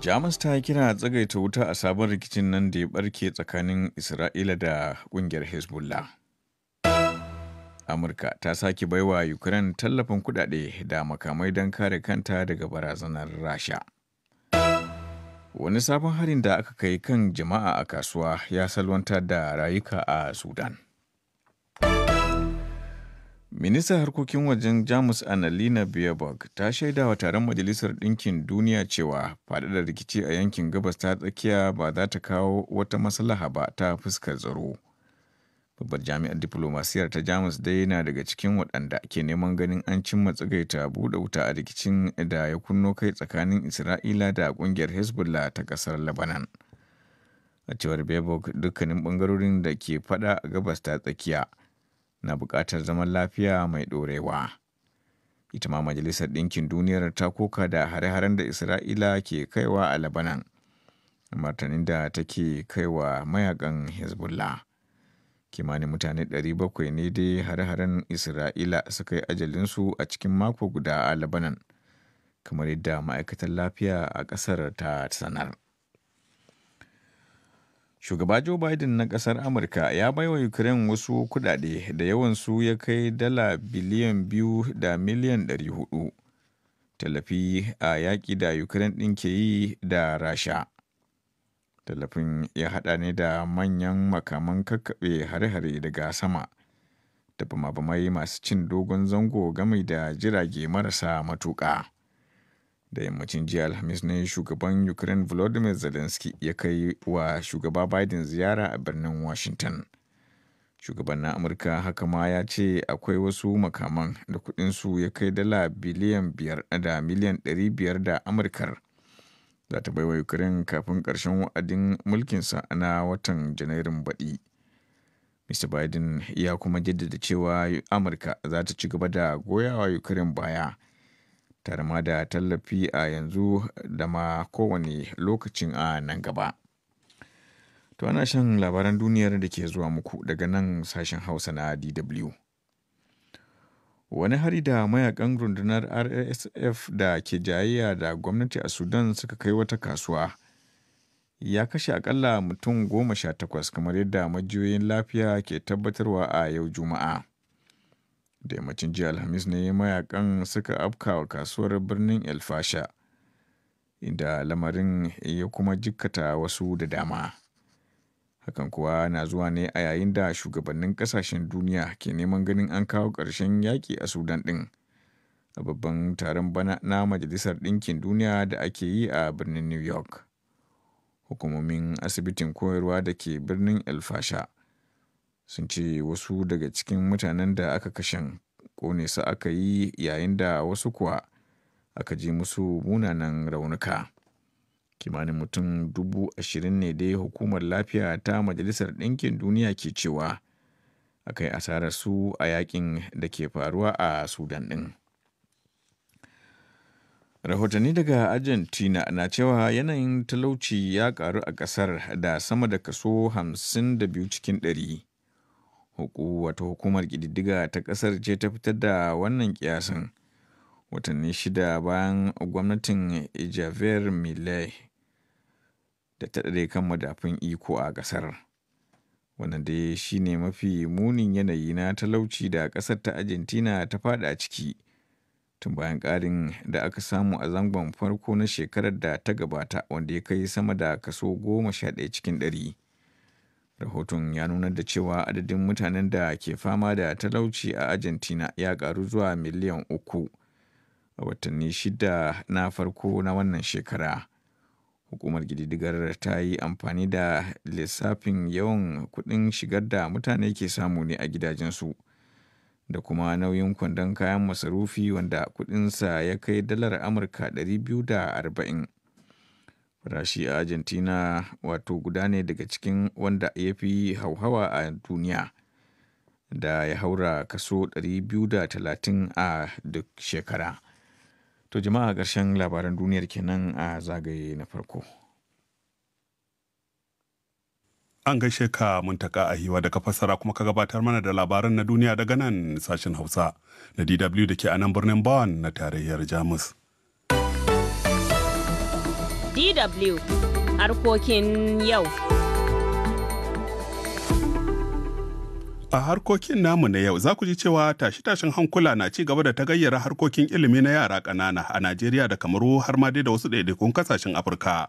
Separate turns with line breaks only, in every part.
Jamus ta yi kira tsagaita wuta a sabon rikicin nan da ya barke tsakanin Isra'ila da kungiyar Hezbollah. Amurka ta sake baiwa Ukraine tallafin kudade da makamai don kare kanta daga barazanar Rasha. Wani sabon harin da aka kai kan jama'a a kasuwa ya salwanta da rayuka a Sudan. Ministan harkokin wajen Jamus Annalina Baerbock ta shaida wa taron Majalisar Ɗinkin Duniya cewa faɗaɗa rikici a yankin gabas ta tsakiya ba za ta kawo wata maslaha ba ta fuskar tsaro. Babbar jami'ar diplomasiyar ta Jamus dai na daga cikin waɗanda ke neman ganin an cimma tsagaita buɗe wuta a rikicin da ya kunno kai tsakanin Isra'ila da ƙungiyar Hezbollah ta ƙasar Lebanon. A cewar Baerbock dukkanin ɓangarorin da ke faɗa a gabas ta tsakiya. na buƙatar zaman lafiya mai ɗorewa. Ita ma Majalisar Ɗinkin Duniyar ta koka da hare-haren da Isra'ila ke kaiwa a Labanan, martanin da take kaiwa mayakan Hezbollah. Kimanin mutane 700 ne dai hare-haren Isra'ila suka yi ajalinsu a cikin mako guda a Labanan, kamar yadda ma'aikatar lafiya a ƙasar ta sanar. Shugaba Joe Biden na ƙasar Amurka ya baiwa Ukraine wasu kuɗaɗe da yawansu ya kai dala biliyan biyu da miliyan ɗari hudu. Tallafi a yaƙi da Ukraine ɗin ke yi da Rasha. Tallafin ya haɗa ne da manyan makaman kakkaɓe hare-hare daga sama. Da bama masu cin dogon zango game da jirage marasa matuƙa. da yammacin jiya alhamis ne shugaban ukraine volodymyr zelensky ya kai wa shugaba biden ziyara a birnin washington shugaban na amurka haka ma ya ce akwai wasu makaman da su ya kai dala biliyan biyar da miliyan biyar da amurkar za ta baiwa ukraine kafin karshen wa'adin mulkinsa na watan janairun baɗi mr biden ya kuma jaddada cewa amurka za ta ci gaba da goyawa ukraine baya tarma da tallafi a yanzu da ma kowane lokacin a nan gaba. To ana shan labaran duniyar da ke zuwa muku daga nan sashen Hausa na DW. Wani hari da mayakan rundunar RSF da ke jayayya da gwamnati a Sudan suka kai wata kasuwa ya kashe akalla mutum goma sha takwas kamar yadda majiyoyin lafiya ke tabbatarwa a yau Juma'a. da yammacin jiya alhamis ne mayakan suka afkawa kasuwar birnin elfasha inda lamarin ya kuma jikkata wasu da dama hakan kuwa na zuwa ne a yayin da shugabannin kasashen duniya ke neman ganin an kawo ƙarshen yaƙi a sudan ɗin a babban taron bana na majalisar ɗinkin duniya da ake yi a birnin new york hukumomin asibitin koyarwa da ke birnin elfasha sun ce wasu daga cikin mutanen da aka kashen kone su aka yi yayin da wasu kuwa aka ji musu munanan raunuka kimanin mutum dubu ashirin ne dai hukumar lafiya ta majalisar ɗinkin duniya ke cewa aka yi asarar su a yakin da ke faruwa a sudan ɗin rahotanni daga argentina na cewa yanayin talauci ya karu a ƙasar da sama da kaso hamsin da biyu cikin ɗari. wata hukumar ƙididdiga ta ƙasar ce ta fitar da wannan kiyasin watanni shida bayan gwamnatin javier milei da ta ɗare kan madafin iko a ƙasar wannan dai shine mafi munin yanayi na talauci da ƙasar ta argentina ta fada a ciki tun bayan ƙarin da aka samu a zangon farko na shekarar da ta gabata wanda ya kai sama da kaso goma sha ɗaya cikin ɗari. rahoton ya nuna da cewa adadin mutanen da ke fama da talauci a argentina ya karu zuwa miliyan uku a watanni shida na farko na wannan shekara hukumar gididigar ta yi amfani da lissafin yawan kuɗin shigar da mutane ke samu ne a gidajensu da kuma nauyin kwandon kayan masarufi wanda kuɗinsa ya kai dalar amurka 240 Farashi a Argentina wato guda ne daga cikin wanda ya fi hauhawa a duniya da ya haura kaso 230 a duk shekara. To jama'a karshen labaran duniyar kenan a zagaye na farko. An gaishe ka
muntaka a hiwa da fassara kuma ka gabatar mana da labaran na duniya daga nan sashen Hausa na DW da ke a nan birnin bawan na tarayyar Jamus.
DW harkokin yau.
A harkokin namu na yau za ku ji cewa tashe-tashen hankula na ci gaba da ta gayyara harkokin ilimi na yara ƙanana a Najeriya da Kamaru har ma dai da wasu ɗaiɗaikun kasashen Afirka.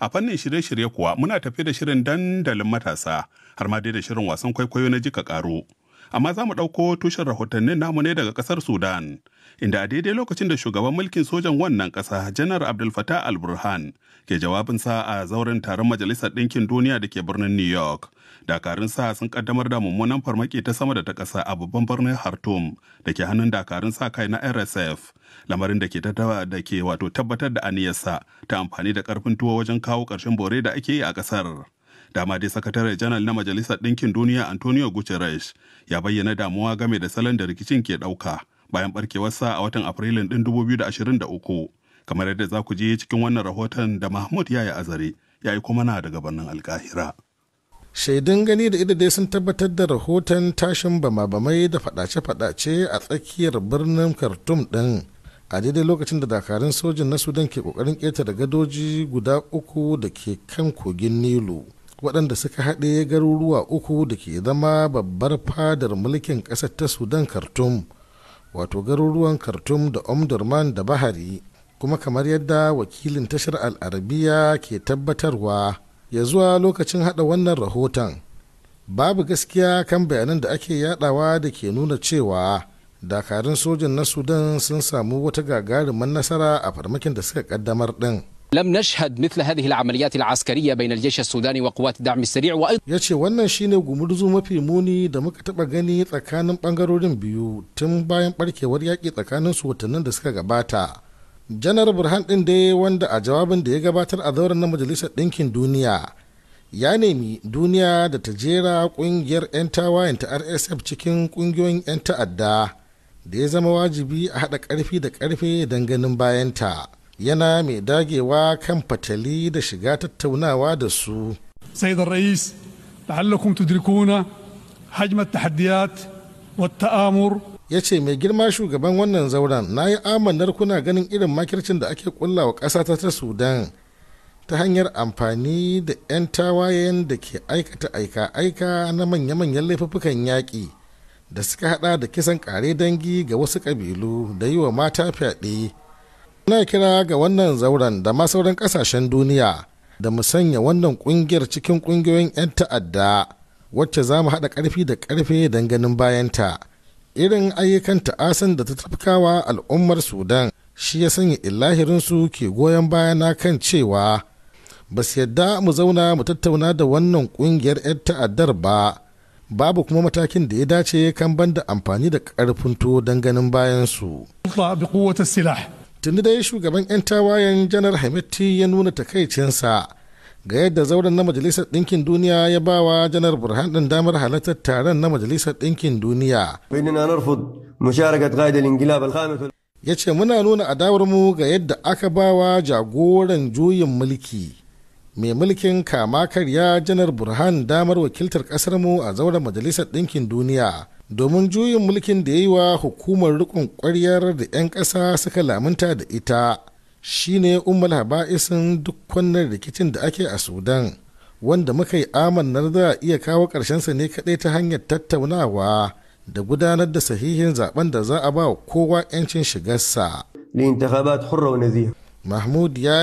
A fannin shirye-shirye kuwa muna tafi da shirin dandalin matasa har ma dai da shirin wasan kwaikwayo na jika ƙaro. amma za mu ɗauko tushen rahotannin namu ne daga ƙasar Sudan, inda a daidai lokacin da shugaban mulkin sojan wannan ƙasa Janar Abdul Fattah al-Burhan ke jawabinsa a zauren taron Majalisar Ɗinkin Duniya da ke birnin New York. Dakarun sa sun kaddamar da mummunan farmaki ta sama da ta ƙasa a babban birnin Khartoum da ke hannun dakarun sa kai na RSF, lamarin da ke da ke wato tabbatar da aniyarsa ta amfani da ƙarfin tuwo wajen kawo ƙarshen bore da ake yi a ƙasar. dama dai sakatare janar na majalisar ɗinkin duniya antonio guterres ya bayyana damuwa game da salon da rikicin ke ɗauka bayan barkewarsa a watan afrilun ɗin 2023 kamar yadda za ku je cikin wannan
rahoton da mahmud yi azare ya yi kuma na daga birnin alkahira shaidun gani da ido dai sun tabbatar da rahoton tashin bama-bamai da fadace-fadace a tsakiyar birnin khartoum ɗin a daidai lokacin da dakarun sojin na sudan ke kokarin ƙetare gadoji guda uku da ke kan kogin nilu waɗanda suka haɗe garuruwa uku da ke zama babbar fadar mulkin ƙasar ta sudan khartoum wato garuruwan khartoum da omdurman da bahari kuma kamar yadda wakilin tashar al'arabiya ke tabbatarwa ya zuwa lokacin haɗa wannan rahoton babu gaskiya kan bayanan da ake yadawa da ke nuna cewa dakarun sojan na sudan sun samu wata gagarumin nasara a farmakin da suka kaddamar ɗin.
لم نشهد مثل هذه العمليات العسكرية بين الجيش السوداني وقوات الدعم السريع وأيضا
يتشي wannan shine gumurzu mafi muni da muka taba gani tsakanin bangarorin biyu tun bayan barkewar yaki tsakanin su watannin da suka gabata janar burhan din dai wanda a jawabin da ya gabatar a zauren na majalisar ɗinkin duniya ya nemi duniya da ta jera ƙungiyar 'yan tawayen ta rsf cikin ƙungiyoyin 'yan ta'adda da ya zama wajibi a haɗa ƙarfi da ƙarfe don ganin bayanta yana mai dagewa kan fatali da shiga tattaunawa da su. سيد الرئيس لعلكم تدركون حجم التحديات والتآمر ya ce mai girma shugaban wannan zauren na yi amanar kuna ganin irin makircin da ake kulla wa ƙasa ta ta sudan ta hanyar amfani da 'yan tawayen da ke aikata aika-aika na manya-manyan laifuffukan yaƙi da suka hada da kisan ƙare dangi ga wasu ƙabilu da yi wa mata fyaɗe na kira ga wannan zauren da ma sauran kasashen duniya da mu sanya wannan kungiyar cikin kungiyoyin 'yan ta'adda wacce za mu haɗa ƙarfi da ƙarfe don ganin bayanta. Irin ayyukan ta'asan da ta tafkawa al'ummar Sudan shi ya sanya illahirinsu ke goyon bayana kan cewa ba su yadda mu zauna mu tattauna da wannan kungiyar 'yan ta'addar ba babu kuma matakin da ya dace kan banda amfani da karfin tuwo don ganin bayansu. tuni dai shugaban 'yan tawayen janar hamiti ya nuna takaicinsa ga yadda zauren na majalisar ɗinkin duniya ya ba wa janar burhan ɗin damar halartar taron na majalisar ɗinkin duniya ya ce muna nuna adawarmu ga yadda aka ba wa jagoran juyin mulki mai mulkin kama karya janar burhan damar wakiltar kasarmu a zauren majalisar ɗinkin duniya domin juyin mulkin da ya yi wa hukumar rikon kwaryar da 'yan ƙasa suka lamunta da ita shine umar haba'isin duk wannan rikicin da ake a sudan wanda muka yi amannar za a iya kawo ƙarshensa ne kaɗai ta hanyar tattaunawa da gudanar da sahihin zaben da za a ba kowa 'yancin shigarsa. mahmud ya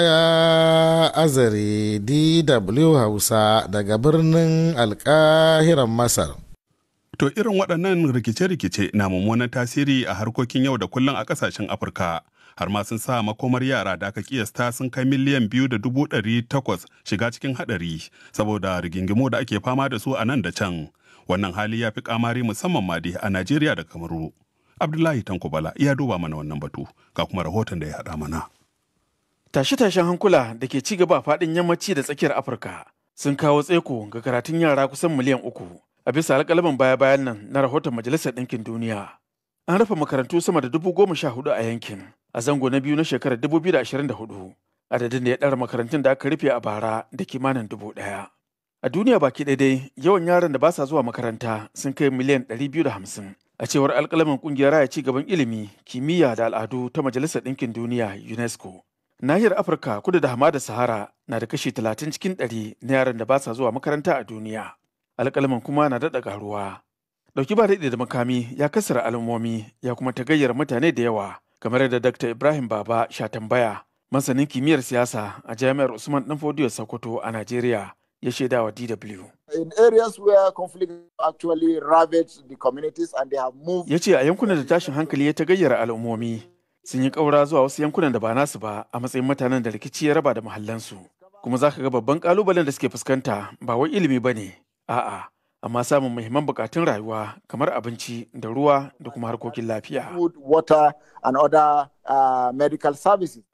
azare dw hausa daga birnin alkahiran masar to irin waɗannan rikice-rikice na mummunan tasiri a harkokin
yau da kullum a ƙasashen afirka har ma sun sa makomar yara da aka kiyasta sun kai miliyan biyu da dubu ɗari takwas shiga cikin haɗari saboda rigingimu da ake fama da su a nan da can wannan hali ya fi kamari musamman ma a najeriya da kamaru abdullahi tankobala
ya duba mana wannan batu ga kuma rahoton da ya haɗa mana Tashe-tashen hankula da ke ci gaba faɗin yammaci da tsakiyar Afirka sun kawo tseko ga karatun yara kusan miliyan uku a bisa alƙalaman baya-bayan nan na rahoton Majalisar Ɗinkin Duniya. An rufe makarantu sama da dubu goma sha hudu a yankin a zango na biyu na shekarar dubu biyu da ashirin da hudu adadin da ya ɗara makarantun da aka rufe a bara da kimanin dubu ɗaya. A duniya baki ɗaya yawan yaran da ba sa zuwa makaranta sun kai miliyan ɗari biyu da hamsin a cewar alƙalaman ƙungiyar raya ci gaban ilimi kimiyya da al'adu ta Majalisar Ɗinkin Duniya UNESCO. Nahiyar Afirka kudu da hamada Sahara na da kashi talatin cikin 100 na yaran da ba sa zuwa makaranta a duniya. Alƙalamin kuma na daɗa ƙaruwa. Ɗauki ba daɗi da makami ya kasara al'ummomi ya kuma ta tagayyar mutane da yawa kamar da Dr. Ibrahim Baba sha tambaya masanin kimiyyar siyasa a jami'ar Usman ɗan Fodiyo Sokoto a Najeriya. ya shaida wa DW. In areas where conflict actually ravaged the communities and they have moved. Ya ce a yankunan da tashin hankali ya ta tagayyara al'ummomi sun yi ƙaura zuwa wasu yankunan da ba nasu ba a matsayin mutanen da rikici ya raba da mahallansu kuma za ka ga babban kalubalen da suke fuskanta ba wai ilimi ba ne a'a amma samun muhimman bukatun rayuwa kamar abinci da ruwa da kuma harkokin lafiya. Uh,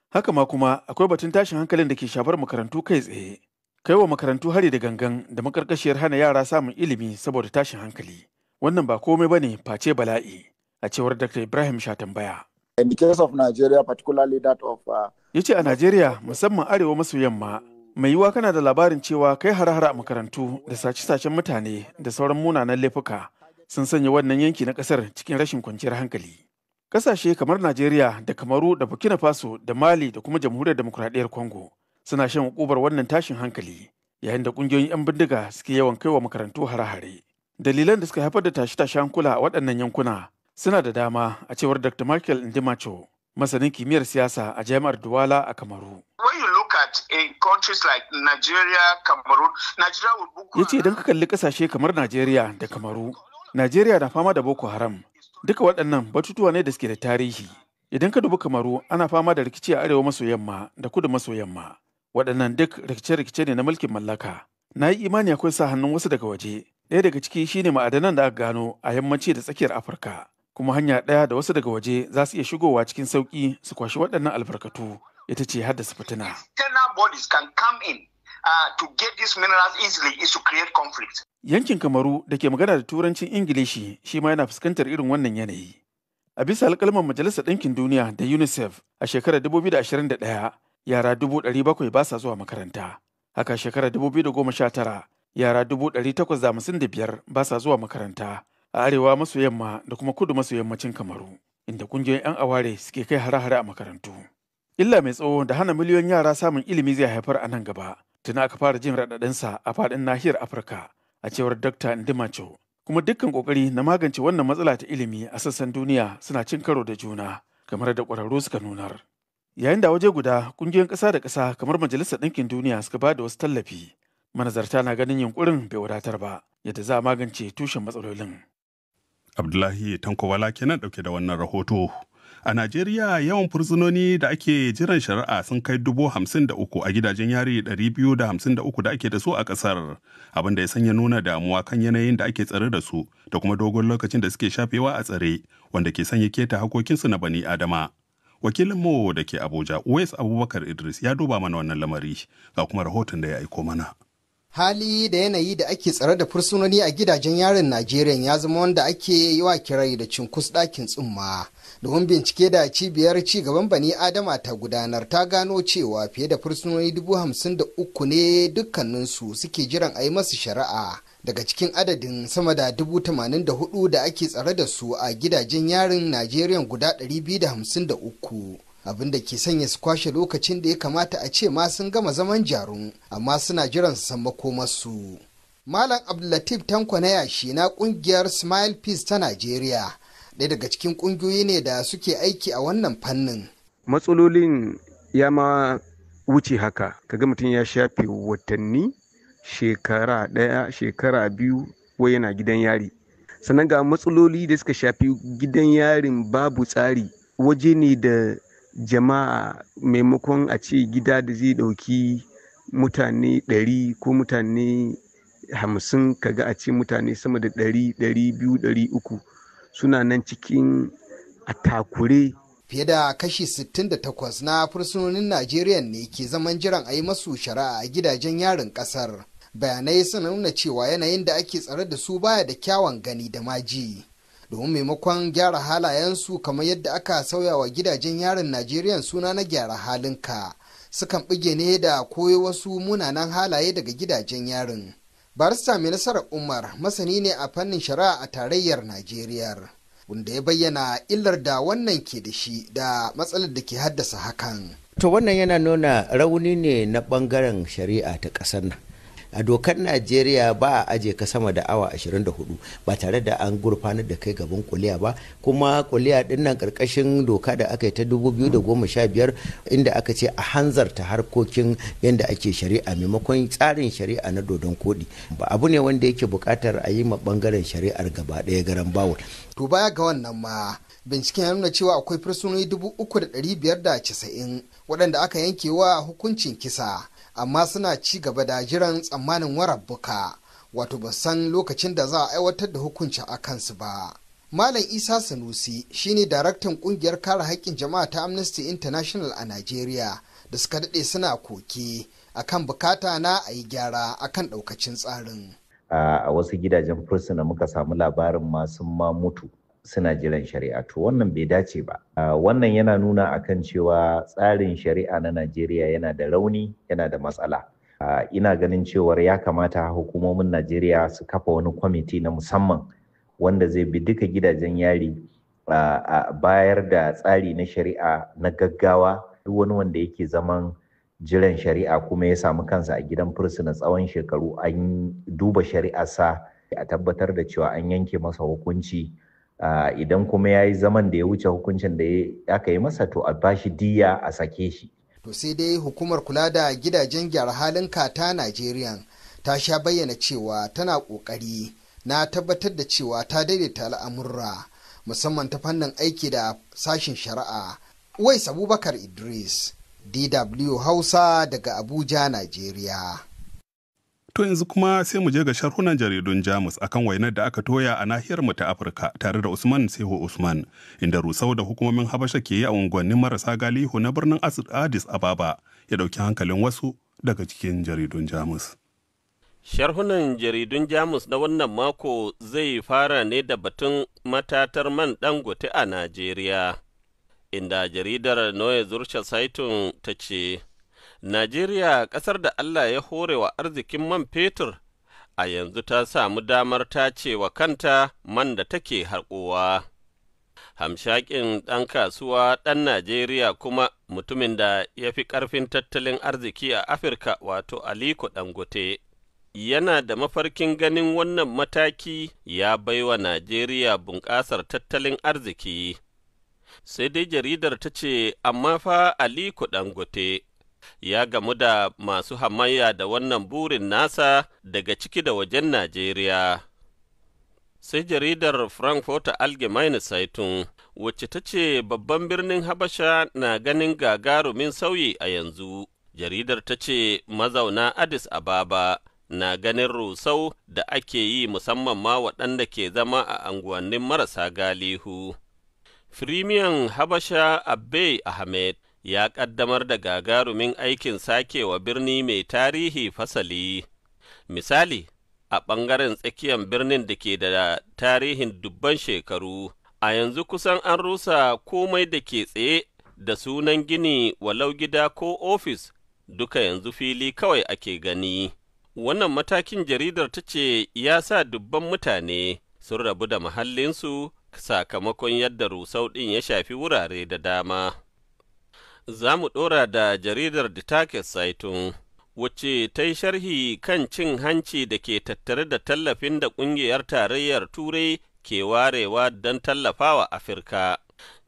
Haka ma kuma akwai batun tashin hankalin da ke shafar makarantu kai tsaye. kai wa makarantu hari da gangan da makarkashiyar hana yara samun ilimi saboda tashin hankali. Wannan ba komai ba ne face bala'i, a cewar Dr. Ibrahim Shatambaya. in the case of Nigeria particularly that of uh, ce a Najeriya musamman arewa maso yamma mai yiwuwa kana da labarin cewa kai har-har a makarantu da sace-sacen mutane da sauran munanan laifuka sun sanya wannan yanki na kasar cikin rashin kwanciyar hankali kasashe kamar nigeria da Kamaru da Burkina Faso da Mali da kuma Jamhuriyar demokradiyyar Congo suna shan hukubar wannan tashin hankali yayin da kungiyoyin 'yan bindiga suke yawan kaiwa makarantu hare-hare. Dalilan da suka haifar da tashe-tashen kula a waɗannan yankuna suna da dama a cewar Dr. Michael Ndimacho, masanin kimiyyar siyasa a jami'ar Duwala a Kamaru.
Eh,
ya ce idan ka kalli kasashe kamar Najeriya da Kamaru, Najeriya na fama da Boko Haram. Duka waɗannan batutuwa ne da suke da tarihi. Idan ka dubi Kamaru ana fama da rikici a arewa maso yamma da kudu maso yamma. Waɗannan duk rikice-rikice ne na mulkin mallaka. Na yi imani akwai sa hannun wasu daga waje. Ɗaya daga ciki shine ma'adanan da aka gano a yammaci da tsakiyar Afirka. kuma hanya ɗaya da wasu daga waje za su iya shigowa cikin sauƙi su kwashi waɗannan albarkatu ita ce haddasa fitina. Uh, Yankin Kamaru da ke magana da Turancin Ingilishi shi ma yana fuskantar irin wannan yanayi. A bisa alƙalman Majalisar Ɗinkin Duniya da UNICEF a shekarar 2021 yara dubu 700 ba sa zuwa makaranta. Haka shekarar 2019 yara dubu ɗari da 855 ba sa zuwa makaranta. a arewa maso yamma da kuma kudu maso yammacin kamaru inda kungiyoyin 'yan aware suke kai hare-hare a makarantu illa mai tsawo da hana miliyoyin yara samun ilimi zai haifar a nan gaba tuna aka fara jin raɗaɗinsa a faɗin nahiyar afirka a cewar dr ndimacho kuma dukkan kokari na magance wannan matsala ta ilimi a sassan duniya suna cin karo da juna kamar da ƙwararru suka nunar yayin da waje guda kungiyoyin ƙasa da ƙasa kamar majalisar ɗinkin duniya suka ba da wasu tallafi manazarta na ganin yunkurin bai wadatar ba yadda za a magance tushen matsalolin
Abdullahi Tankowala kenan ɗauke da wannan rahoto. A Najeriya yawan fursunoni da ake jiran shari'a sun kai dubu hamsin da uku a gidajen yari ɗari biyu da hamsin da uku da ake da su a ƙasar, abin da ya sanya nuna damuwa kan yanayin da ake tsare da su da kuma dogon lokacin da suke shafewa a tsare wanda ke sanya keta hakokinsu na bani Adama. Wakilin mu da ke Abuja, Uwais Abubakar Idris ya duba mana wannan lamari ga kuma rahoton da ya aiko mana.
hali da yanayi da ake tsare da fursunoni a gidajen yarin najeriya ya zama wanda ake yi wa kirai da cinkus ɗakin tsumma domin bincike da cibiyar ci gaban bani adama ta gudanar ta gano cewa fiye da fursunoni dubu hamsin da uku ne dukkaninsu suke jiran a yi masu shari'a daga cikin adadin sama da dubu tamanin da hudu da ake tsare da su a gidajen yarin najeriya guda ɗari biyu da hamsin da uku abin da ke sanya su kwashe lokacin da ya kamata a ce ma sun gama zaman jarum amma suna jiran su san makomarsu. Malam Abdullatif Tanko na yashi na kungiyar Smile Peace ta Najeriya ɗaya daga cikin ƙungiyoyi ne da suke aiki a wannan fannin.
Matsalolin ya ma wuce haka kaga mutum ya shafe watanni shekara ɗaya shekara biyu wai yana gidan yari sannan ga matsaloli da suka shafi gidan yarin babu tsari waje ne da jama'a maimakon a ce gida da zai ɗauki mutane 100 ko mutane 50 kaga a ce mutane sama da 100, 200, 300 suna nan cikin atakure
fiye da kashi 68 na fursunonin najeriya ne ke zaman jiran a yi masu shari'a a gidajen yarin kasar bayanai suna nuna cewa yanayin da ake tsare da su baya da kyawun gani da maji domin maimakon gyara halayensu kamar yadda aka sauya wa gidajen yarin najeriya suna na gyara halinka sukan bige ne da koyo wasu munanan halaye daga gidajen yarin barista mai nasarar umar masani ne a fannin shari'a a tarayyar najeriya wanda ya bayyana illar da wannan ke da shi da matsalar da ke haddasa hakan to wannan yana nuna rauni ne na bangaren shari'a ta ƙasar nan a dokar najeriya ba a aje ka sama da awa 24 ba tare da an gurfanar da kai gaban kuliya ba kuma kuliya din nan karkashin doka da aka yi ta 2015 inda aka ce a hanzarta harkokin yadda ake shari'a maimakon tsarin shari'a na dodon kodi ba abu ne wanda yake bukatar a yi ma bangaren shari'ar gaba ɗaya garan bawul to baya ga wannan ma binciken ya nuna cewa akwai fursunoni 3,590 waɗanda aka yankewa hukuncin kisa amma suna ci gaba da jiran tsammanin warabbuka wato ba san lokacin da za a aiwatar da hukunci a kansu ba malam isa sanusi shine daraktan kungiyar kare haƙƙin jama'a ta amnesty international a nigeria da suka daɗe suna koke akan bukata na a yi gyara akan ɗaukacin tsarin
a wasu gidajen fursuna muka samu labarin masu ma mutu suna jiran shari'a to wannan bai dace ba wannan yana nuna akan cewa tsarin shari'a na najeriya yana da rauni yana da matsala ina ganin cewar ya kamata hukumomin najeriya su kafa wani kwamiti na musamman wanda zai bi duka gidajen yari a bayar da tsari na shari'a na gaggawa duk wani wanda yake zaman jiran shari'a kuma ya samu kansa a gidan fursuna tsawon shekaru an duba sa. a tabbatar da cewa an yanke masa hukunci idan kuma ya yi zaman da ya wuce hukuncin da ya aka yi masa to a bashi diya a sake shi
to sai dai hukumar kula da gidajen gyara halin ta najeriya ta sha bayyana cewa tana ƙoƙari, na tabbatar da cewa ta daidaita al'amurra musamman ta fannin aiki da sashin shari'a wai abubakar idris dw hausa daga abuja najeriya
To yanzu kuma sai mu je ga sharhunan jaridun Jamus akan wainar da aka toya a nahiyar mu ta Afirka tare da Usman Seho Usman inda rusau da hukumomin Habasha ke yi a unguwannin marasa galihu na birnin Addis Ababa ya dauki hankalin wasu daga cikin jaridun Jamus.
Sharhunan jaridun Jamus na wannan mako zai fara ne da batun matatar man dangote a Najeriya, inda jaridar Noye Zurcha Saitun ta ce Najeriya ƙasar da Allah ya hore wa arzikin man fetur a yanzu ta samu damar ce wa kanta man da take harkowa. Hamshakin ɗan kasuwa ɗan Najeriya kuma mutumin da ya fi ƙarfin tattalin arziki a Afirka wato Aliko Dangote. Yana da mafarkin ganin wannan mataki ya baiwa Najeriya bunƙasar tattalin arziki. Sai dai jaridar ta ce, amma fa Aliko Dangote. ya gamu da masu hamayya da wannan burin nasa daga ciki da wajen Najeriya. Sai jaridar Frankfurt Allgemeine Zeitung wacce ta ce babban birnin Habasha na ganin gagarumin sauyi a yanzu. Jaridar ta ce mazauna Addis Ababa na ganin rusau da ake yi musamman ma waɗanda ke zama a anguwannin marasa galihu. Firimiyan Habasha Abbey Ahmed ya ƙaddamar da gagarumin aikin sakewa birni mai tarihi fasali. Misali, a ɓangaren tsakiyar birnin da ke da tarihin dubban shekaru, a yanzu kusan an rusa komai da ke tsaye da sunan gini walau gida ko ofis duka yanzu fili kawai ake gani. Wannan matakin jaridar ta ce ya sa dubban mutane sun rabu da mahallinsu sakamakon yadda rusau ɗin ya shafi wurare da dama. Za mu ɗora da jaridar The Target Saitun, wacce ta yi sharhi kan cin hanci da ke tattare da tallafin da ƙungiyar tarayyar Turai ke warewa don tallafawa Afirka.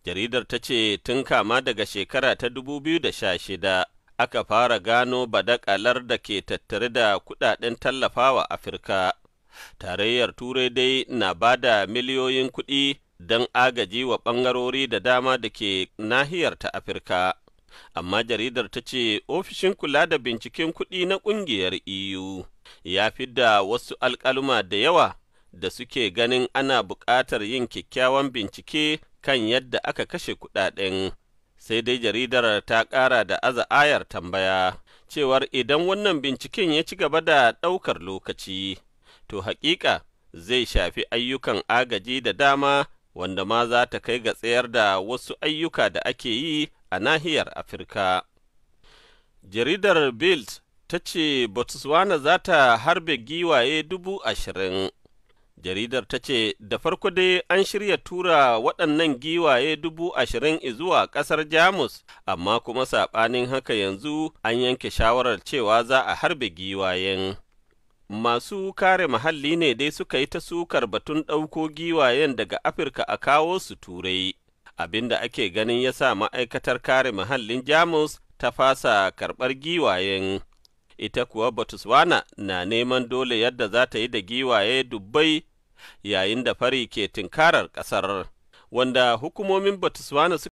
Jaridar ta ce tun kama daga shekara ta 2016 aka fara gano badakalar da ke tattare da kuɗaɗen tallafawa Afirka. Tarayyar Turai dai na ba da miliyoyin kuɗi don agaji wa ɓangarori da dama da ke nahiyar ta Afirka. amma jaridar ta ce ofishin kula da binciken kuɗi na ƙungiyar EU ya da wasu alƙaluma da yawa da suke ganin ana buƙatar yin kyakkyawan bincike kan yadda aka kashe kuɗaɗen. Sai dai jaridar ta ƙara da aza ayar tambaya cewar idan wannan binciken ya ci gaba da ɗaukar lokaci, to haƙiƙa zai shafi ayyukan agaji da dama wanda ma za ta kai ga tsayar da wasu ayyuka da ake yi a nahiyar Afirka. Jaridar Bild ta ce Botswana za ta harbe giwaye dubu ashirin. Jaridar ta ce da farko dai an shirya tura waɗannan giwaye dubu ashirin zuwa ƙasar Jamus, amma kuma saɓanin haka yanzu an yanke shawarar cewa za a harbe giwayen. masu kare muhalli ne dai suka yi ta sukar batun ɗauko giwayen daga afirka a kawo su turai abin da ake ganin ya sa ma'aikatar kare muhallin Jamus ta fasa karɓar giwayen. Ita kuwa Botswana na neman dole yadda za ta yi da giwaye dubbai yayin da fari ke tinkarar ƙasar, wanda hukumomin Botswana